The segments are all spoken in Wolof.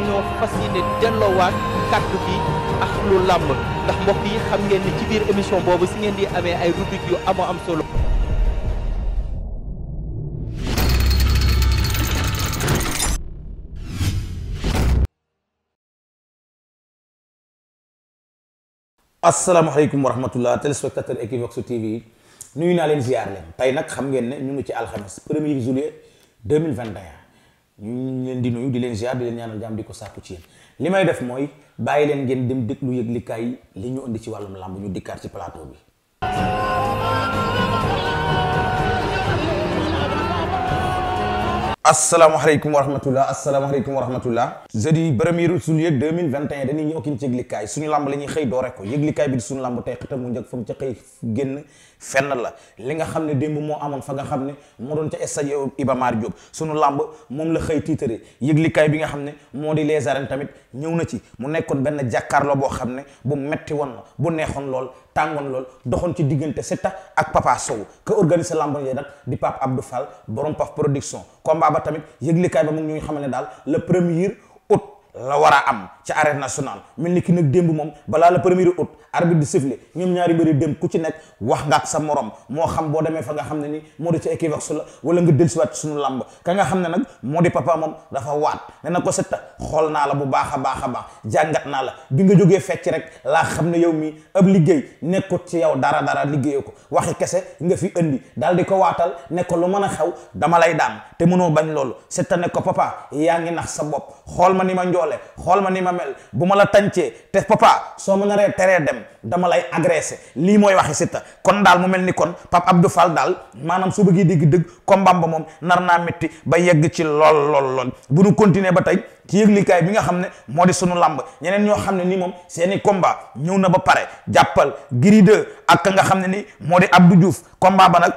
dañoo fas yéene delloowaat kàddu lu làmb ndax boobu ngeen di amee ay rubrique am solo. asalaamaaleykum wa rahmatullah téléspectateur Equivox TV nuyu naa leen ziar leen tey nag xam ngeen ne ñu ngi ci alxames premier juillet mille vingt et ñu leen di nuyu di leen ziar di leen ñaanal jàmm di ko sàkku ci yéen li may def mooy bàyyi leen ngeen dem déglu yëglikaay li ñu indi ci wàllum làmb ñu dikkaat ci plateau bi. asalaamaaleykum wa rahmatulah asalaamaaleykum wa rahmatulah. jeudi premier juillet deux mille vingt et un dañuy ñëw ak ci yëglikaay suñu làmb la ñuy xëy doore ko yëglikaay bi di suñu làmb tey xëy mu njëkk fa mu ca xëy génn. fenn la li nga xam ne démb moo amoon fa nga xam ne moo doon ca stade Iba Mar Diop sunu làmb moom la xëy tiitare yëglikaay bi nga xam ne moo di les arènes tamit ñëw na ci mu nekkoon benn jàkkaarloo boo xam ne bu metti woon bu neexoon lool tàngoon lool doxoon ci diggante si Siteu ak Papa Sow que organiser lamb yooyu nag di Pape Abdou Fall borom Paf production combat ba tamit yëglikaay ba mu ngi xamal ne daal le premier la war a am ci arène nationale mel ni ki nag démb moom balaa le premier août arbitre di siffle ñoom ñaari mbëri démb ku ci nekk wax nga ak sa morom moo xam boo demee fa nga xam ne ni moo di ci Equivox la wala nga dellusiwaat ci làmb ka nga xam ne nag moo di papa moom dafa waat ne na ko setta xool naa la bu baax a baax a baax jàngat naa la bi nga jógee fecc rek laa xam ne yow mii ab liggéey nekkut ci yow dara dara liggéeyoo ko waxi kese nga fi indi daal di ko waatal ne ko lu mën a xew dama lay daan te mënoo bañ loolu setta ne ko papa yaa nax sa bopp doole xool ma ni ma mel bu ma la tàncee te papa soo ma naree teree dem dama lay agressé lii mooy waxi Siteu kon daal mu mel ni kon Pape Abdou Fall daal maanaam su bëggee dégg dëgg combat ba moom nar naa métti ba yegg ci lool lool lool bu nu continuer ba tey ci yëglikaay bi nga xam ne moo di sunu làmb ñeneen ñoo xam ne nii moom seeni combat ñëw na ba pare jàppal Gris 2 ak nga xam ne ni moo di Abdou Diouf combat ba nag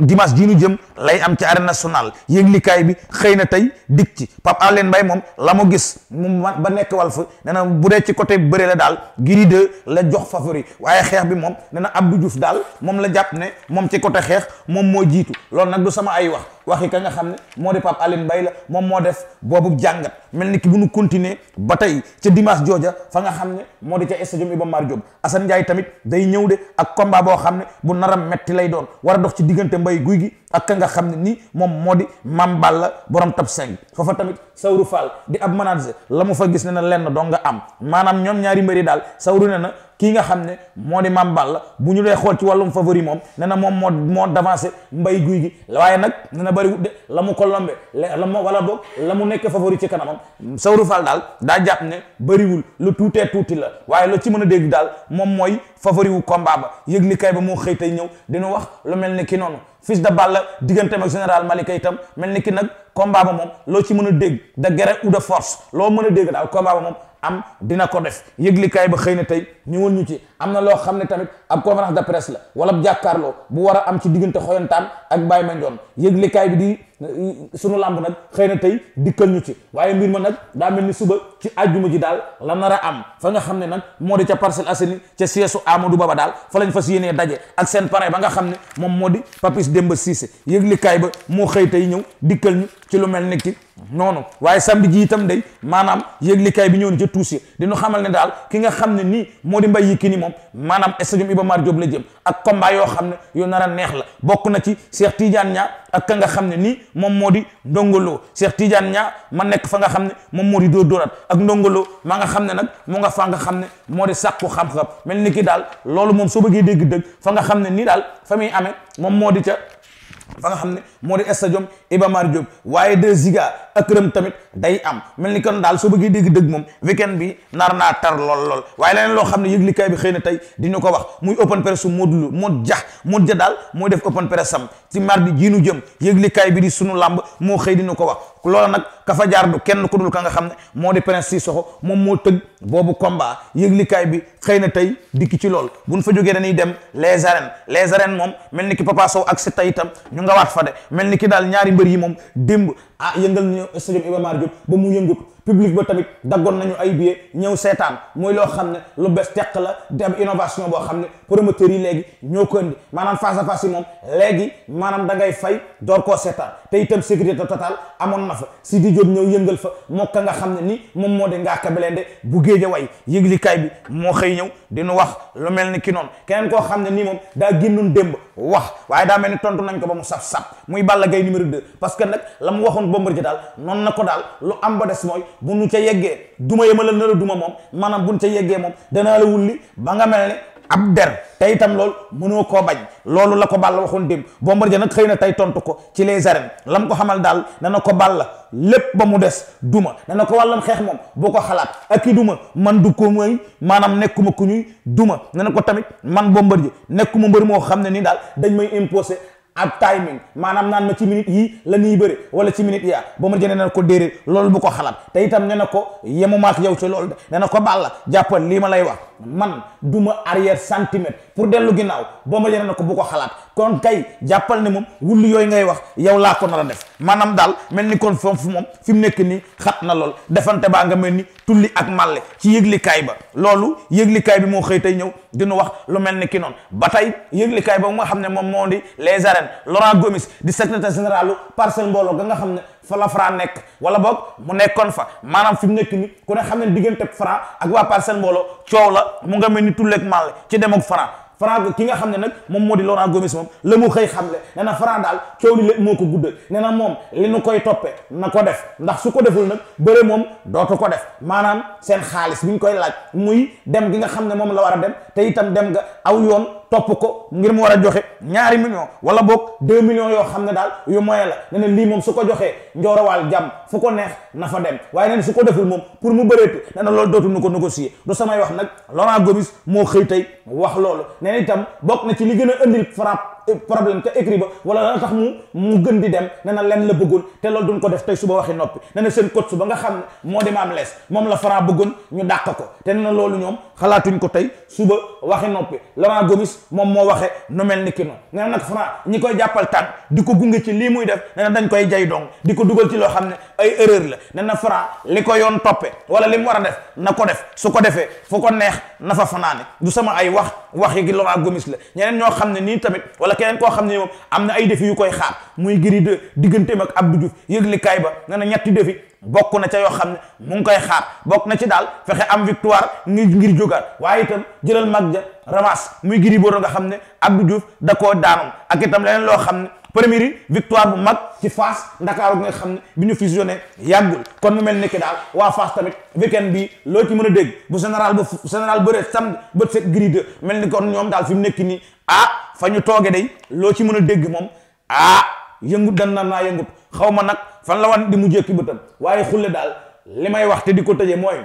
dimanche ji ñu jëm lay am ci arène national yëglikaay bi xëy na tey dik ci Pape Alène Mbaye moom la mu gis mu ba nekk wal fa na bu dee ci côté bëre la daal Gris 2 la jox favori waaye xeex bi moom nee na Abdou daal moom la jàpp ne moom ci côté xeex moom moo jiitu loolu nag du sama ay wax waxi ka nga xam ne moo di Pape Alioune Mbaye la moom moo def boobu jàngat mel ni ki bu nu continuer ba tey ca dimanche jooja fa nga xam ne moo di ca stadium Iba Mar Diop Assane Ndiaye tamit day ñëw de ak combat boo xam ne bu naram metti lay doon war a dox ci diggante mbay guy gi ak ka nga xam ne nii moom moo di mambal la borom tab 5 foofa tamit Sawru Fall di ab manager la mu fa gis ne na lenn dong nga am maanaam ñoom ñaari mbëri daal Sawru ne na kii nga xam ne moo di Mame la bu ñu dee xool ci wàllum favori moom ne na moom moo moo d'avancé mbay guy gi waaye nag ne na bëriwut de la mu ko lombe la mu wala boog la mu nekk favori ci kanamam Sawru Fall daal daa jàpp ne bëriwul lu tuutee tuuti la waaye loo ci mën a dégg daal moom mooy favori wu combat ba yëgli ba moo xëy tey ñëw dinu wax lu mel ni ki noonu fils de Balla digganteem ak général Malika itam mel ni ki nag combat ba moom loo ci mën a dégg de guerre de force loo mën a dégg daal combat moom am dina ko def yëglikaay ba xëy na tey ñëwoon ñu ci am na loo xam ne tamit ab conférence de presse la wala ab jàkkaarloo bu war a am ci diggante xoyantaan ak Baye Mandione yëglekaay bi di eh, sunu làmb nag xëy na tey dikkal ñu ci waaye mbir ma nag daa mel ni suba ci àjjuma ji daal la nar a am fa nga xam ne nag moo di ca Parcelles Assainies ca siège Amadou Baba daal fa lañ fas yéenee daje ak seen parrain ba nga xam ne moom moo di Papis Demba Cissé yëglekaay ba moo xëy tey ñëw dikkal ñu ci lu mel ni ki noonu waaye samedi ji itam day maanaam yëglekaay bi ñëw na ca tuus dinu xamal ne daal ki nga xam ne nii moo di mbay yi ki ni moom moom maanaam stadium Iba Mar Diop la jëm ak combat yoo xam ne yu nar a neex la bokk na ci Cheikh Tidiane Niang ak ka nga xam ne nii moom moo di ndongolo Cheikh Tidiane Niang ma nekk fa nga xam ne moom moo di dóor dóoraat ak ndongolo ma nga xam ne nag mu nga faa nga xam ne moo di sàkku xam-xam mel ni ki daal loolu moom soo bëggee dégg dëgg fa nga xam ne nii daal fa muy amee moom moo di ca fa nga xam ne moo di stadium Iba Mar Diop waaye de ziga ak këram tamit day am mel ni kon daal soo bëggee dégg dëgg moom weekend bi nar naa tar lool lool waaye leneen loo xam ne yëglikaay bi xëy na tey di ñu ko wax muy open press su Modou Lo Modou Dia Modou Dia daal mooy def open press sam ci mardi jii nu jëm yëglikaay bi di sunu làmb moo xëy di ñu ko wax loola nag ka fa jaar du kenn ku dul ka nga xam ne moo di prince si soxo moom moo tëgg boobu combat yëglikaay bi xëy na tey dikk ci lool bu buñ fa jógee dañuy dem les arènes les arènes moom mel ni ki Papa ak Siteu itam ñu nga waat fa de mel ni ki daal ñaari mbër yi moom démb ah yëngal nañu stadium Iba Mar Diop ba mu yëngut public ba tamit daggoon nañu ay billets ñëw seetaan mooy loo xam ne lu bees teq la dem innovation boo xam ne promoteurs yi léegi ñoo ko indi maanaam face à face yi moom léegi maanaam da ngay fay door koo seetaan te itam sécurité total amoon na fa Sidi jot ñëw yëngal fa moo ka nga xam ne ni moom moo de di Ngaaka Blindé bu géeja way yëglikaay bi moo xëy ñëw dinu wax lu mel ni ki noonu keneen koo xam ne nii moom daa génnoon démb wax waaye daa mel ni tontu nañ ko ba mu saf saf muy Balla Gaye numéro 2 parce que nag la mu waxoon Bombardier daal noonu na ko daal lu am ba des mooy bu nu ca yeggee duma yema la na duma moom maanaam bu nu ca yeggee moom danaa la wulli ba nga mel ne ab der tey itam loolu mënoo ko bañ loolu la ko la waxoon démb Bombardier nag xëy na tey tontu ko ci les arènes lam ko xamal daal na na ko Balla lépp ba mu des duma na na ko wàllam xeex moom boo ko xalaat ak i duma man du ko mooy maanaam nekkuma ku ñuy duma na na ko tamit man Bombardier nekkuma mbër moo xam ne nii daal dañ may imposé ab timing maanaam naan ma ci minute yi la ñuy bëri wala ci minute yaa ba ma jëne na ko déedéet loolu bu ko xalaat te itam ne ko yemu maak yow ci lool de na ko Balla jàppal lii ma lay wax man du ma arrière centimètre pour dellu ginnaaw Bombardier ne ko bu ko xalaat kon kay jàppal ne moom wullu yooyu ngay wax yow laa ko na a def maanaam daal mel ni kon foofu moom fi mu nekk nii xat na lool defante baa nga mel ni tulli ak màlle ci yëglikaay ba loolu yëglikaay bi moo xëy ñëw dina wax lu mel ni ki noonu ba tey yëglikaay ba nga xam ne moom moo di les arènes Laurent Gomis di secrétaire général parcelle mbooloo ga nga xam ne fa la nekk wala boog mu nekkoon fa maanaam fi mu nekk ni ku ne xam ne diggante Franc ak waa parcelle mbooloo coow la mu nga mel ni tulleeg màlle ci dem ak Franc Franc ki nga xam ne nag moom moo di Laurent Gomis moom la mu xëy xamle nee na Franc daal coow li lépp moo ko guddal nee na moom li nu koy toppe na ko def ndax su ko deful nag bëre moom dootu ko def maanaam seen xaalis bi ñu koy laaj muy dem gi nga xam ne moom la war a dem te itam dem nga aw yoon topp ko ngir mu war a joxe ñaari million wala boog deux millions yoo xam ne daal yu moyen la ne ne lii moom su ko joxee njoorawaal jàmm fu ko neex na fa dem waaye neen su ko deful moom pour mu bëreetu ne na loolu dootu nu ko négocier du samay wax nag Laurent Gomis moo xëy tey wax loolu nee na itam bokk na ci li gën a indil frappe problème te écrit ba la tax mu mu gën di dem ne na leen la bëggoon te loolu duñ ko def tey suba waxi noppi ne na seen coach su ba nga xam ne moo dem am lees moom la Franc bëggoon ñu dàq ko te ne na loolu ñoom xalaatuñ ko tey suba waxi noppi Laurent Gomis moom moo waxe nu mel ni ki noonu ne na nag Franc ñi koy jàppal tànn di ko gunge ci lii muy def ne na dañ koy jay dong di ko dugal ci loo xam ne ay erreur la ne na Franc li ko yoon toppe wala li mu war a def na ko def su ko defee fu ko neex na fa fanaane du sama ay wax wax yi ñeneen ñoo xam ne nii tamit wala keneen koo xam ne moom am na ay défi yu koy xaar muy Gris 2 digganteem ak Abdou Diouf yëglikaay ba nee na ñetti défi bokk na ca yoo xam ne mu ngi koy xaar bokk na ci daal fexe am victoire ngir ngir jógaat waaye itam jëlal mag ja ramas muy Gris Bordeaux nga xam ne Abdou Diouf da koo daanoon ak itam leneen loo xam ne première yi victoire bu mag ci Fass Ndakaaru nga xam ne bi ñu fusionné yàggul kon mu mel ni ki daal waa Fass tamit weekend bi loo ci mën a dégg bu général bu général bëre samedi bët set Gris 2 mel ni kon ñoom daal fi mu nekk nii ah fa ñu toogee day loo ci mën a dégg moom ah yëngut dan na naa yëngut xaw ma nag fan la wan di mu jékki bëtam waaye xulle daal li may wax te di ko tëjee mooy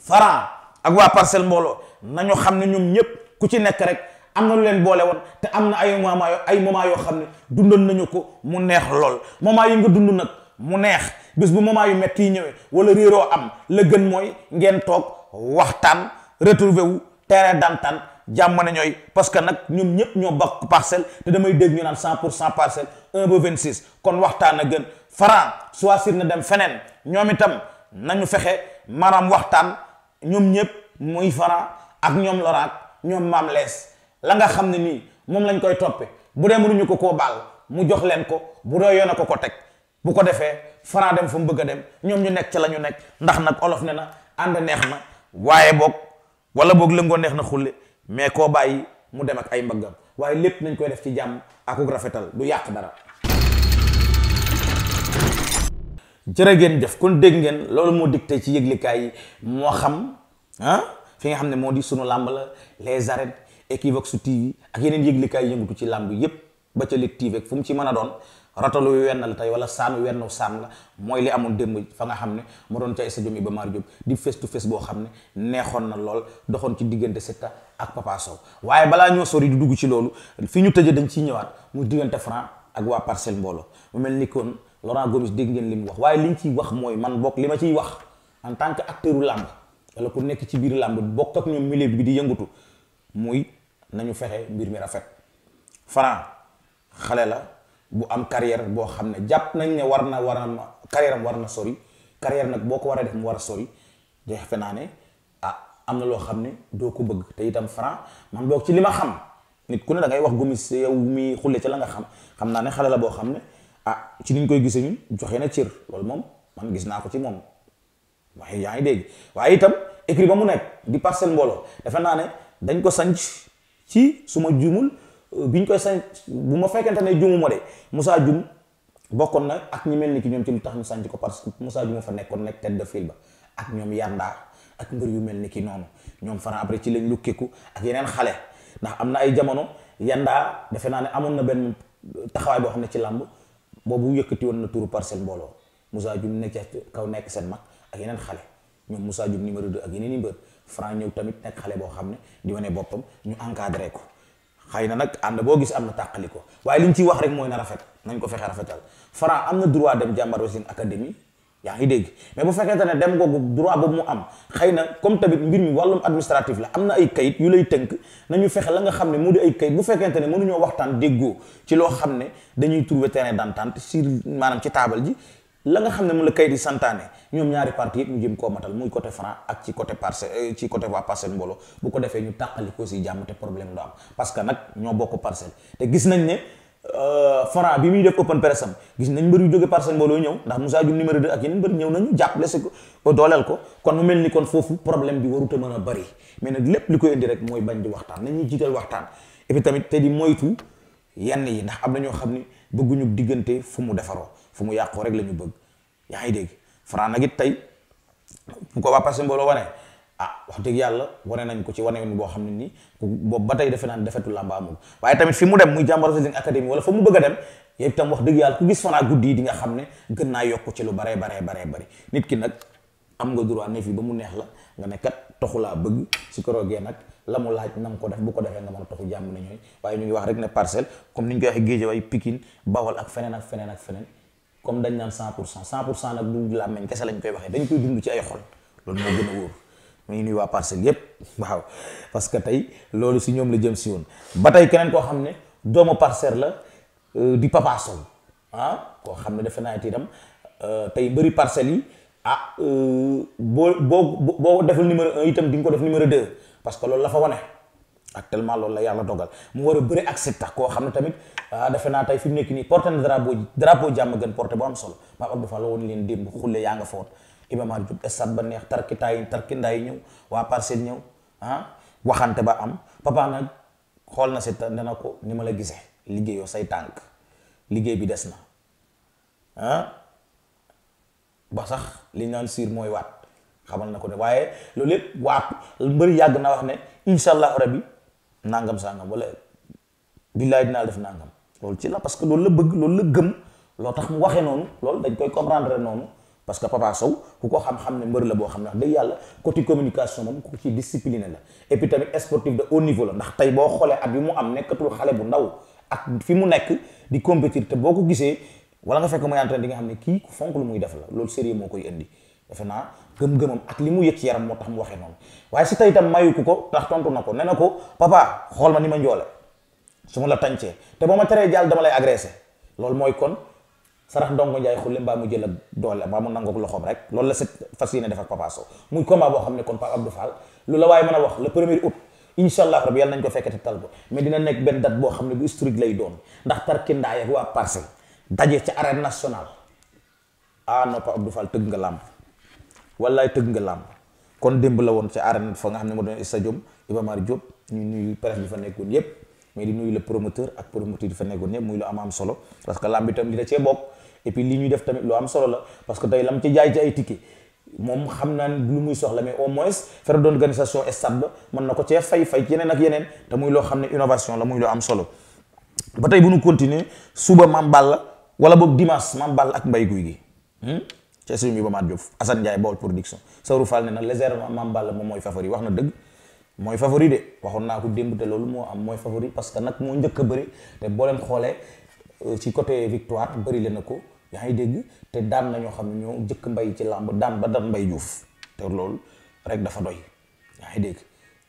Franc ak waa Parcelles mbooloo nañu xam ne ñoom ñëpp ku ci nekk rek am na lu leen boole woon te am na ay moment ay moment yoo xam ne dundoon nañu ko mu neex lool moment yi nga dund nag mu neex bis bu moment yu metti yi ñëwee wala réeroo am la gën mooy ngeen toog waxtaan retrouver wu terrain d'entente jàmm na ñooy parce que nag ñoom ñëpp ñoo bokk parcelle te damay dégg ñu naan 100 pour 100 parcelle 1 ba 26 kon waxtaan a gën Franc choisir na dem feneen ñoom itam nañu fexe maanaam waxtaan ñoom ñëpp muy Franc ak ñoom Laurent ñoom Mame Less la nga xam ne nii moom lañ koy toppe bu dee mënuñu ko koo baal mu jox leen ko bu dee yoon ko ko teg bu ko defee Franc dem fa mu bëgg a dem ñoom ñu nekk ci la ñu nekk ndax nag olof ne na ànd neex na waaye boog wala boog lëngoo neex na xulle mais koo bàyyi mu dem ak ay mbaggam waaye lépp nañ koy def ci jàmm akuk rafetal du yàq dara jërë ngeen jëf kon dégg ngeen loolu moo dicté ci yëglikaay yi moo xam ah fi nga xam ne moo di sunu làmb la les arènes Equivox TV ak yeneen yëglikaay yëngutu ci làmb yëpp ba ca Lutte TV fu mu ci mën a doon wenn wennal tey wala saanu wenn saan la mooy li amoon démb fa nga xam ne mu doon ca stadium Iba Mar Diop di face to face boo xam ne neexoon na lool doxoon ci diggante Siteu ak Papa waaye balaa ñoo sori di dugg ci loolu fi ñu tëjee dañ ciy ñëwaat muy diggante Franc ak waa Parcelles mbooloo mu mel ni kon Laurent Gomis dégg ngeen li mu wax waaye li liñ ciy wax mooy man bokk li ma ciy wax en tant que acteur u làmb wala ku nekk ci biir làmb bokk ak ñoom milieu bi di yëngatu muy nañu fexe mbir mi rafet Franc la bu am carrière boo xam ne jàpp nañ ne war na war na carrière war na sori carrière nag boo ko war a def mu war a sori defe naa ne ah am na loo xam ne doo ko bëgg te itam franc man boog ci li ma xam nit ku ne da ngay wax gumi si yow mi xulle ca la nga xam xam naa ne xale la boo xam ne ah ci niñ koy gisee ñun joxe na cër loolu moom man gis naa ko ci moom waaye yaa ngi dégg waaye itam écrit ba mu nekk di parcelle mbooloo defe naa ne dañ ko sanc ci suma juumul bi ñu koy sañ bu ma fekkente ne jumu ma de Moussa Dioum bokkoon na ak ñi mel ni ki ñoom ci lu tax mu sànc ko parce que Moussa Dioum fa nekkoon nekk tête de ak ñoom Yanda ak mbër yu mel ni ki noonu ñoom Franc après ci lañ lukkiku ak yeneen xale ndax na ay jamono Yanda defe naa ne amoon na benn taxawaay boo xam ne ci làmb boobu yëkkati woon na turu parcelle mbooloo Moussa Dioum nekk kaw nekk seen mag ak yeneen xale ñoom Moussa Dioum numéro 2 ak yeneen i mbër Franc ñëw tamit nekk xale boo xam ne di wane boppam ñu encadré ko. xëy na nag ànd boo gis am na tàqali ko waaye li ñu wax rek mooy na rafet nañ ko fexe rafetal Franc am na droit dem jàmbaar Wrestling Academy yaa ngi dégg mais bu fekkente ne dem googu droit boobu mu am xëy na comme tamit mbir mi wàllum administratif la am na ay kayit yu lay tënk nañu fexe la nga xam ne mu di ay kayit bu fekkente ne mënuñoo waxtaan déggoo ci loo xam ne dañuy trouver terrain d'entente sur maanaam ci taabal ji la nga xam ne moom la kayit yi santaane ñoom ñaari parti yëpp ñu jëm koo matal muy côté franc ak ci côté parcelle euh, ci côté waa parcelle mbooloo bu ko defee ñu tàqali ko si jàmm te problème du am parce que nag ñoo bokk parcelle te gis nañ ne euh, franc bi muy def open press gis nañ mbër yu jóge parcelle mbooloo ñëw ndax Moussa Dioum numéro 2 ak yeneen mbër ñëw nañu jàppale si ko ko kon ni kon foofu problème bi warut a mën a bëri mais nag lépp li koy indi rek mooy bañ di waxtaan nañuy jiital waxtaan et puis tamit te di moytu yenn yi ndax am na ñoo xam ne bëgguñu diggante fu mu defaroo fu mu yàqoo rek la ñu bëgg yaa ngi dégg Franc nag it tey bu ko waa passé mbooloo wane ah wax dëgg yàlla wane nañ ko ci wane boo xam ne nii boobu ba tey defe naan defetu làmba amul waaye tamit fi mu dem muy Jàmbaar Wrestling Academy wala fa mu bëgg a dem yépp tam wax dëgg yàlla ku gis Franc guddi yi di nga xam ne gën naa yokk ci lu baree baree baree bari nit ki nag am nga droit ne fii ba mu neex la nga ne kat toxu laa bëgg su korogee nag la mu laaj na ko def bu ko defee nga mën a toxu jàmm na ñooy waaye ñu ngi wax rek ne parcelle comme ni ñu koy waxee Géejawaay Pikine Bawol ak feneen ak feneen ak feneen comme dañ naan cent pour cent cent pour cent nag du làmmiñ kese lañ koy waxee dañ koy dund ci ay xol loolu moo gën a wóor muy nuy waa parcelle yépp waaw parce que tey loolu si ñoom la jëm si woon ba tey keneen koo xam ne doomu parcelle la euh, di Papa Sow ah koo xam ne defe naa itam euh, tey mbëri parcelles yi ah euh, boo boo boo deful numéro itam di nga ko def numéro deux parce que loolu la fa wane actuellement loolu la yàlla dogal mu war a bëri ak Siteu koo xam ne tamit ah, defe naa tey fi nekk nii porté na drapeau drapeau jàmm gën porté bu am solo Pape Abdou Fall la woon leen démb xulle yaa nga fa woon Iba Mar Diop stade ba neex tarkitaa yi tarkindaa yi ñëw waa parcelle ñëw ah waxante ba am papa nag xool na Siteu dana ko ni ma la gisee liggéeyoo say tànk liggéey bi des na ah ba sax li naan siir mooy waat xamal na ko ne waaye loolu lépp waat mbër yàgg na wax ne incha allah rabbi nangam sangam wala billaay dinaa def nangam loolu ci la parce que loolu la bëgg loolu la gëm loo tax mu waxee noonu loolu dañ koy comprendre noonu parce que Papa Sow ku ko xam-xam ne mbër la boo xam ne wax dëgg yàlla côté communication moom ku ci discipline la et puis tamit sportif de haut niveau la ndax tey boo xoolee at bi mu am nekkatul xale bu ndaw ak fi mu nekk di compétir te boo ko gisee wala nga fekk muy entraîné di nga xam ne kii ku fonk lu muy def la loolu sérieux moo koy indi gëm-gëmam ak li mu yëg ci yaram moo tax mu waxee noonu waaye si tey itam mayu ko ko tax tontu na ko nee na ko papa xool ma ni ma njoole su ma la tàncee te boo ma teree jàll dama lay agressé lool mooy kon sarax ndongo njaay xulle mbaa mu jël ak doole mbaa mu nangook loxoom rek loolu la set fas ne def ak papa Sow muy combat boo xam ne kon Pape Abdou Fall lu la waaye mën a wax le premier août incha allah rabi yàlla nañ ko fekkete tal ko mais dina nekk benn date boo xam ne bu historique lay doon ndax tarkindaay ak waa Parcelles daje ca arène nationale ah non Pape Abdou Fall tëgg nga làmb wallaay tëgg nga làmb kon démb la woon ci arène fa nga xam ne moo doon stadium Iba Mar Diop ñu nuyu presse bi fa nekkoon yépp mais di nuyu le promoteur ak promoteur bi fa nekkoon yépp muy lu am solo parce que làmb itam li da cee bokk et puis li def tamit lu am solo que tey lam ci jaay ci ay moom xam naa lu muy soxla mais au moins faire d'organisation stade ba man na ko cee fay fay yeneen ak yeneen te muy loo xam ne innovation la muy loo am solo ba tey bu ñu continuer suba Mame la wala boog dimanche Mame Balla ak mbay guy gi hmm? ci SMU ba Maat Diouf Assane Ndiaye Baol production Saurou Fall ne na légèrement Mame Balla moom mooy favori wax na dëgg mooy favori de waxoon naa ko démb te loolu moo am mooy favori parce que nag moo njëkk a bëri te boo leen xoolee euh, ci côté victoire bëri le na ko yaa ngi dégg te daan na ñoo xam ñoo njëkk mbay ci làmb daan ba daan mbay Diouf te loolu rek dafa doy yaa ngi dégg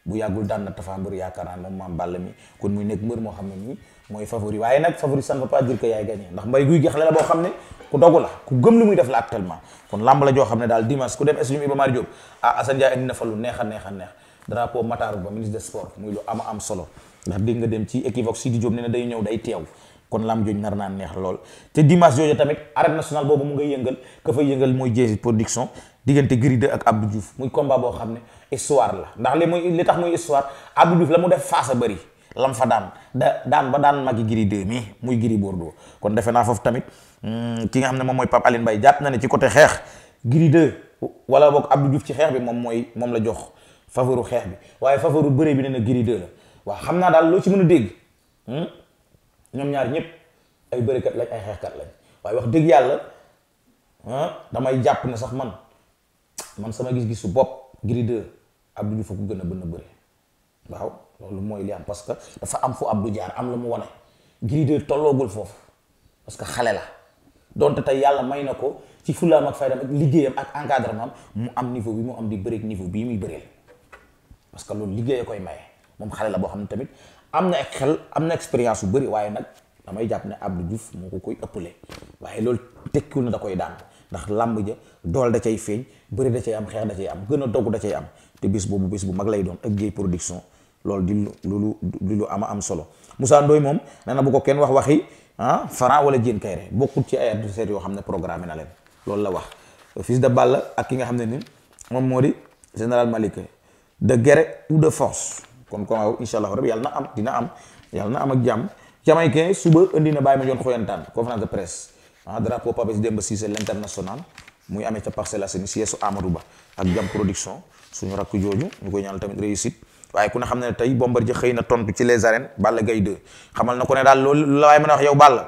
bu yàggul daan na Tapha Mbeur yaakaar naa moom Mame Balla mi kon muy nekk mbër moo xam ne nii mooy favori waaye nag favori ça ne veut pas dire que yaay gagné ndax mbay guy gi xale la boo xam ne ku dogu la ku gëm lu muy def la actuellement kon làmb la joo xam ne daal dimanche ku dem stade Iba Mar Diop ah Assane Ndiaye fa lu neex a neex a neex drapeau Matar ba ministre des sports muy lu ama am solo ndax dégg nga dem ci Equivox Sidi Diop ne na day ñëw day teew kon lam jooju nar naa neex lool te dimanche jooju tamit arène nationale boobu mu nga yëngal ka fa yëngal mooy Jési production diggante Gris ak Abdou juuf muy combat boo xam ne histoire la ndax li muy li tax muy histoire Abdou Diouf la mu def face a bëri lam fa daan da daan ba daan magi giri mii muy giri Bordeaux kon defe naa foofu tamit mm, ki nga xam ne moom mooy Pape Aline bay jàpp na ne ci côté xeex giri deux wala boog Abdou Diouf ci xeex bi moom mooy moom la jox faveuru xeex bi waaye faveuru bëree bi ne na giri la waa xam naa daal loo ci mën a dégg hmm? ñoom ñaar ñëpp ay bërekat lañ ay xeexkat lañ waaye wax dëgg yàlla ah, damay jàpp ne sax man man sama gis-gisu bopp giri deux Abdou Diouf ko gën a bën a bëre loolu mooy li am parce que dafa am fu Abdou jaar am la mu wane Gris 2 tolloogul foofu parce que xale la donte tey yàlla may na ko ci fullaam ak faydam ak liggéeyam ak encadrement mu am niveau bi mu am di bëreeg niveau bii muy bëree parce que loolu liggéey koy maye moom xale la boo xam ne tamit am na xel am na expérience bu bëri waaye nag damay jàpp ne Abdou Diouf moo ko koy ëppale waaye loolu tekkiwul na da koy daan ndax làmb ja dool da cay feeñ bëri da am xeex da cay am gën da cay am te bis boobu bis bu mag lay doon ak production loolu di lu lu lu ama am solo Moussa Ndoye moom nee na bu ko kenn wax waxi ah Franc wala Diène Kaïré bokkul ci ay adversaires yoo xam ne programme na leen loolu la wax fils de Balla ak ki nga xam ne ni moom moo di général Malick de guerre ou de force kon kon waaw incha allah rabi yàlla na am dina am yàlla na am ak jàmm jamaïcain suba indi na bàyyi ma joon xoyantaan conférence de presse ah drapeau Papis Demba Cissé l'international muy amee ca Parcelles Assainies sieesu Amadou Ba ak jam production suñu rakk jooju ñu koy ñaanal tamit réussite waaye ku ne xam ne tey Bombardier xëy na tontu ci les arènes Balla Gaye 2 xamal na ko ne daal loolu la waaye mën a wax yow Balla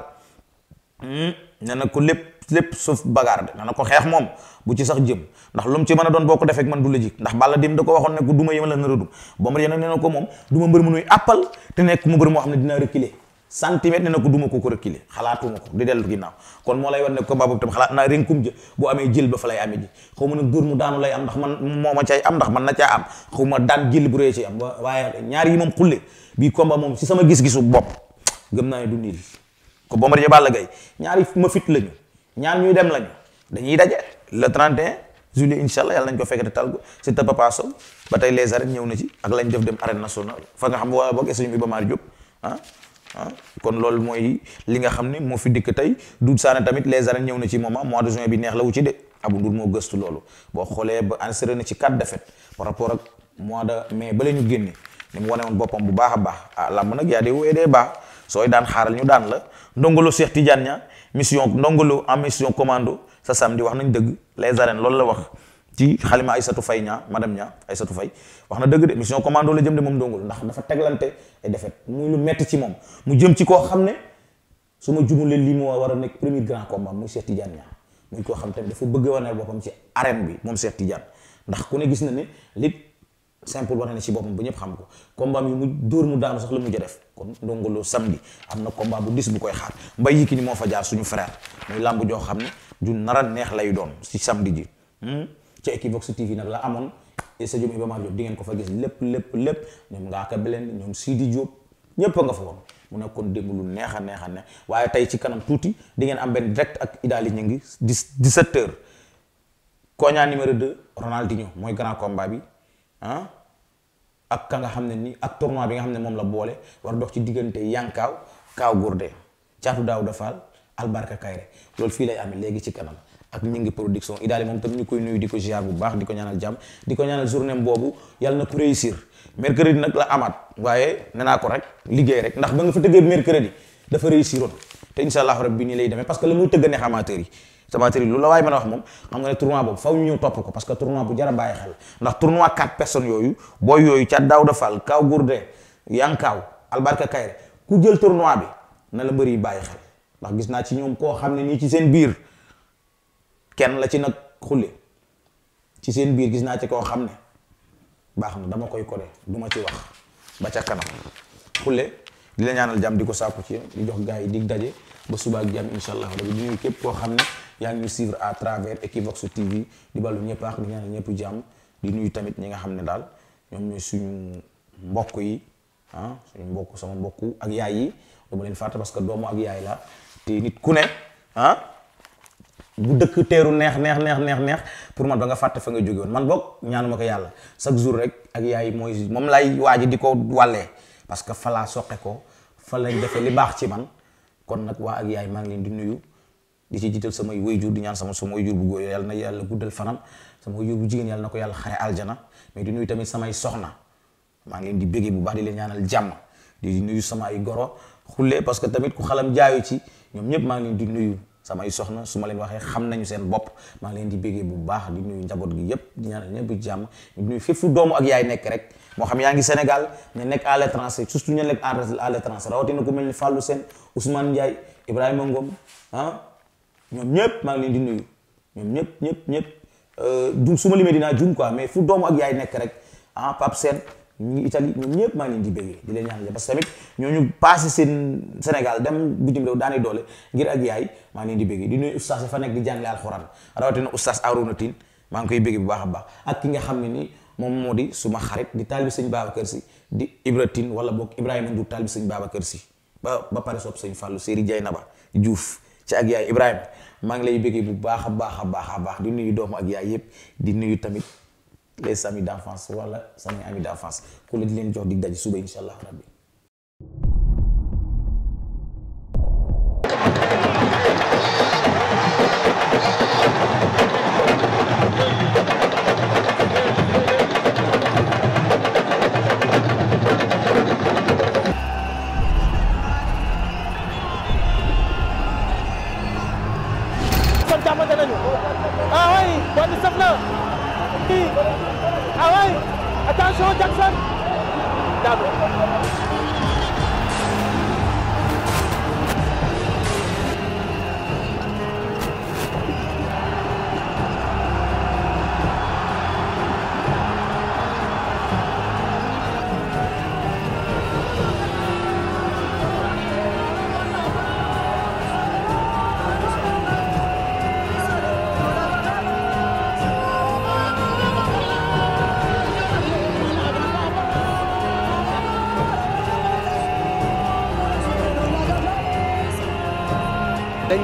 hmm? ne na ko lépp lépp suuf bagaar de ne na ko xeex moom bu ci sax jëm ndax lu mu ci mën a doon boo ko defee man du la jik ndax Balla dim da ko waxoon ne ko duma yema la nar a dum Bombardier nag nee na ko moom duma mbër mu nuy àppal te nekk mu mbër moo xam ne dinaa reculer centimètre ne na ko duma ko ko reculer xalaatuma ko di dellu ginnaaw kon moo lay wan ne combat boobu tam xalaat naa rénkum jë bu amee jël ba fa lay amee ji xaw ma moo ma cay am ndax man na caa am xaw ma daan jël bu rëy ci am waaye ñaar yi moom xulle bii combat moom si sama gis-gisu bopp gëm naa ne du niil ko Bombardier Balla Gaye ñaari ma fit lañu ñaar ñuy dem lañu dañuy daje le 31 juillet incha allah yàlla nañ ko fekk te tal ko c'est un Papa Sow ba tey les arènes ñëw na ci ak lañ def dem arène nationale fa nga xam ne waa boog suñu Iba Mar ah kon loolu mooy li nga xam ni moo fi dikk tey Doudou Sané tamit les arènes ñëw na ci moment mois de juin bi neex la wu ci de Abou Ndour moo gëstu loolu boo xoolee ba enseré na ci quatre défaites par rapport ak mois de mai ñu génne ni mu wane woon boppam bu baax a baax ah làmb nag yaa de wéy dee baax sooy daan xaaral ñu daan la ndongolo Cheikh Tidiane ña mission ndongolo en mission commando sa samedi wax nañ dëgg les arènes loolu la wax ci xalima Aysatu Fay ña madame ña Aysatu Fay wax na dëgg de mission commando la jëm de moom dongul ndax dafa teglante ay defet muy lu metti ci moom mu jëm ci koo xam ne su ma jumulee lii mu moo war a nekk premier grand combat muy Cheikh Tidiane ña koo xam tamit dafa bëgg a wane boppam ci arène bi moom Cheikh Tidiane ndax ku ne gis na ne lit simple wane na ci boppam ba ñëpp xam ko combat yi mu dóor mu daanu sax la mujj def kon loo samedi am na combat bu dis bu koy xaar mbay yi ki ni moo fa jaar suñu frère làmb joo xam ne ju nara neex lay doon ci samedi ji hmm? ca Equivox TV nag la amoon sa Sadio Iba ma Diop di ngeen ko fa gis lépp lépp lépp ñoom Ngaaka Blindé ñoom Sidi di ñépp a nga fa woon mu nekkoon démb lu neex a neex a neex waaye tey ci kanam tuuti di ngeen am benn direct ak Idali ñu ngi dix-sept heures koña numéro 2 Ronaldinho mooy grand combat bi ah ak ka nga xam ne ni ak tournoi bi nga xam ne moom la boole war dox ci diggante Yankaaw Kaaw Gourdé Caatu daaw Fall Albarka Kayre loolu fii lay am léegi ci kanam ak ñu ngi production idaale moom tam koy nuyu di ko ziar bu baax di ko ñaanal jàmm di ko ñaanal journée boobu yàlla na ko réussir mercredi nag la amaat waaye nee naa ko rek liggéey rek ndax ba nga fa tëggee mercredi dafa réussir woon te incha allah rabbi nii lay demee parce que la muy tëgg a neex amateurs yi amateurs yi loolu la waaye mën a wax moom xam nga ne tournoi boobu faw ñu ñëw topp ko parce que tournoi bu jara bàyyi xel ndax tournoi quatre ku jël tournoi bi na la mbër yi bàyyi ndax gis naa ci ñoom koo xam ne nii ci seen biir kenn la ci nag xulli ci seen biir gis naa ci koo xam ne baax na dama koy kore du ma ci wax ba ca kanam xulle di la ñaanal jàmm di ko sàkku ci di jox gaa yi dig daje ba suba ak jàmm insha allah rabbi di nuyu képp koo xam ne yaa ngi ñu suivre à travers Equivox TV di balu ñëpp ak di ñaanal ñëpp jàmm di nuyu tamit ñi nga xam ne daal ñoom ñooy suñu mbokk yi ah suñu mbokk sama mbokk ak yaay yi dama leen fàtte parce que doomu ak yaay la te nit ku ne ah, bu dëkk teeru neex neex neex neex neex pour man ba nga fàtte fa nga jóge woon man boog ñaanuma ko yàlla chaque jour rek ak yaay mooy moom lay waaji di ko wàllee parce que fa laa ko fa lañ defee li baax ci man kon nag waa ak yaay maa ngi leen di nuyu di ci jiital samay waajur di ñaan sama sama waajur bu góor yàlla na yàlla guddal fanam sama waajur bu jigéen yàlla na ko yàlla xare aljana mais di nuyu tamit samay soxna maa ngi leen di béggee bu baax di leen ñaanal jàmm di nuyu sama ay goro xullee parce que tamit ku xalam jaayu ci ñoom ñëpp maa ngi leen di nuyu samay soxna su ma leen waxee xam nañu seen bopp maa leen di béggee bu baax di nuyu njaboot gi yépp di ñaanal ñëpp fu doomu ak nekk rek moo xam yaa ngi Sénégal nekk à l'étranger surtout ñu nekk à l'étranger rawatina ku mel ni Fallou Sène Ousmane Ndiaye Ibrahima Ngom ah ñoom ñëpp maa ngi leen di nuyu ñoom ñëpp ñëpp ñëpp euh, du su ma limee dinaa jum quoi mais fu doomu ak yaay nekk rek ah Pape Sène ñu ngi ñoom ñëpp maa ngi leen di béggee di leen ñaanal parce que tamit ñooñu passé seen Sénégal dem bitim réew daanay doole ngir ak yaay maa ngi di béggee di nuyu oustaz fa nekk di jàngale alxuraan rawatina oustaz Arouna Tine maa ngi koy béggee bu baax a baax ak ki nga xam ne ni moom moo di suma xarit di taalibi sëñ Babacar Si di Ibra Tine wala boog Ibrahima Ndour taalibi sëñ Babacar Si ba ba pare sopp sëñ Fallou Séri Jaynaba Diouf ci ak Ibrahima maa ngi lay béggee bu baax a baax a baax a baax di nuyu doomu ak yaay yëpp di nuyu tamit les amis d'enfance wala samay amis d'enfance ku la di leen jox dig daje suba incha allah rabbi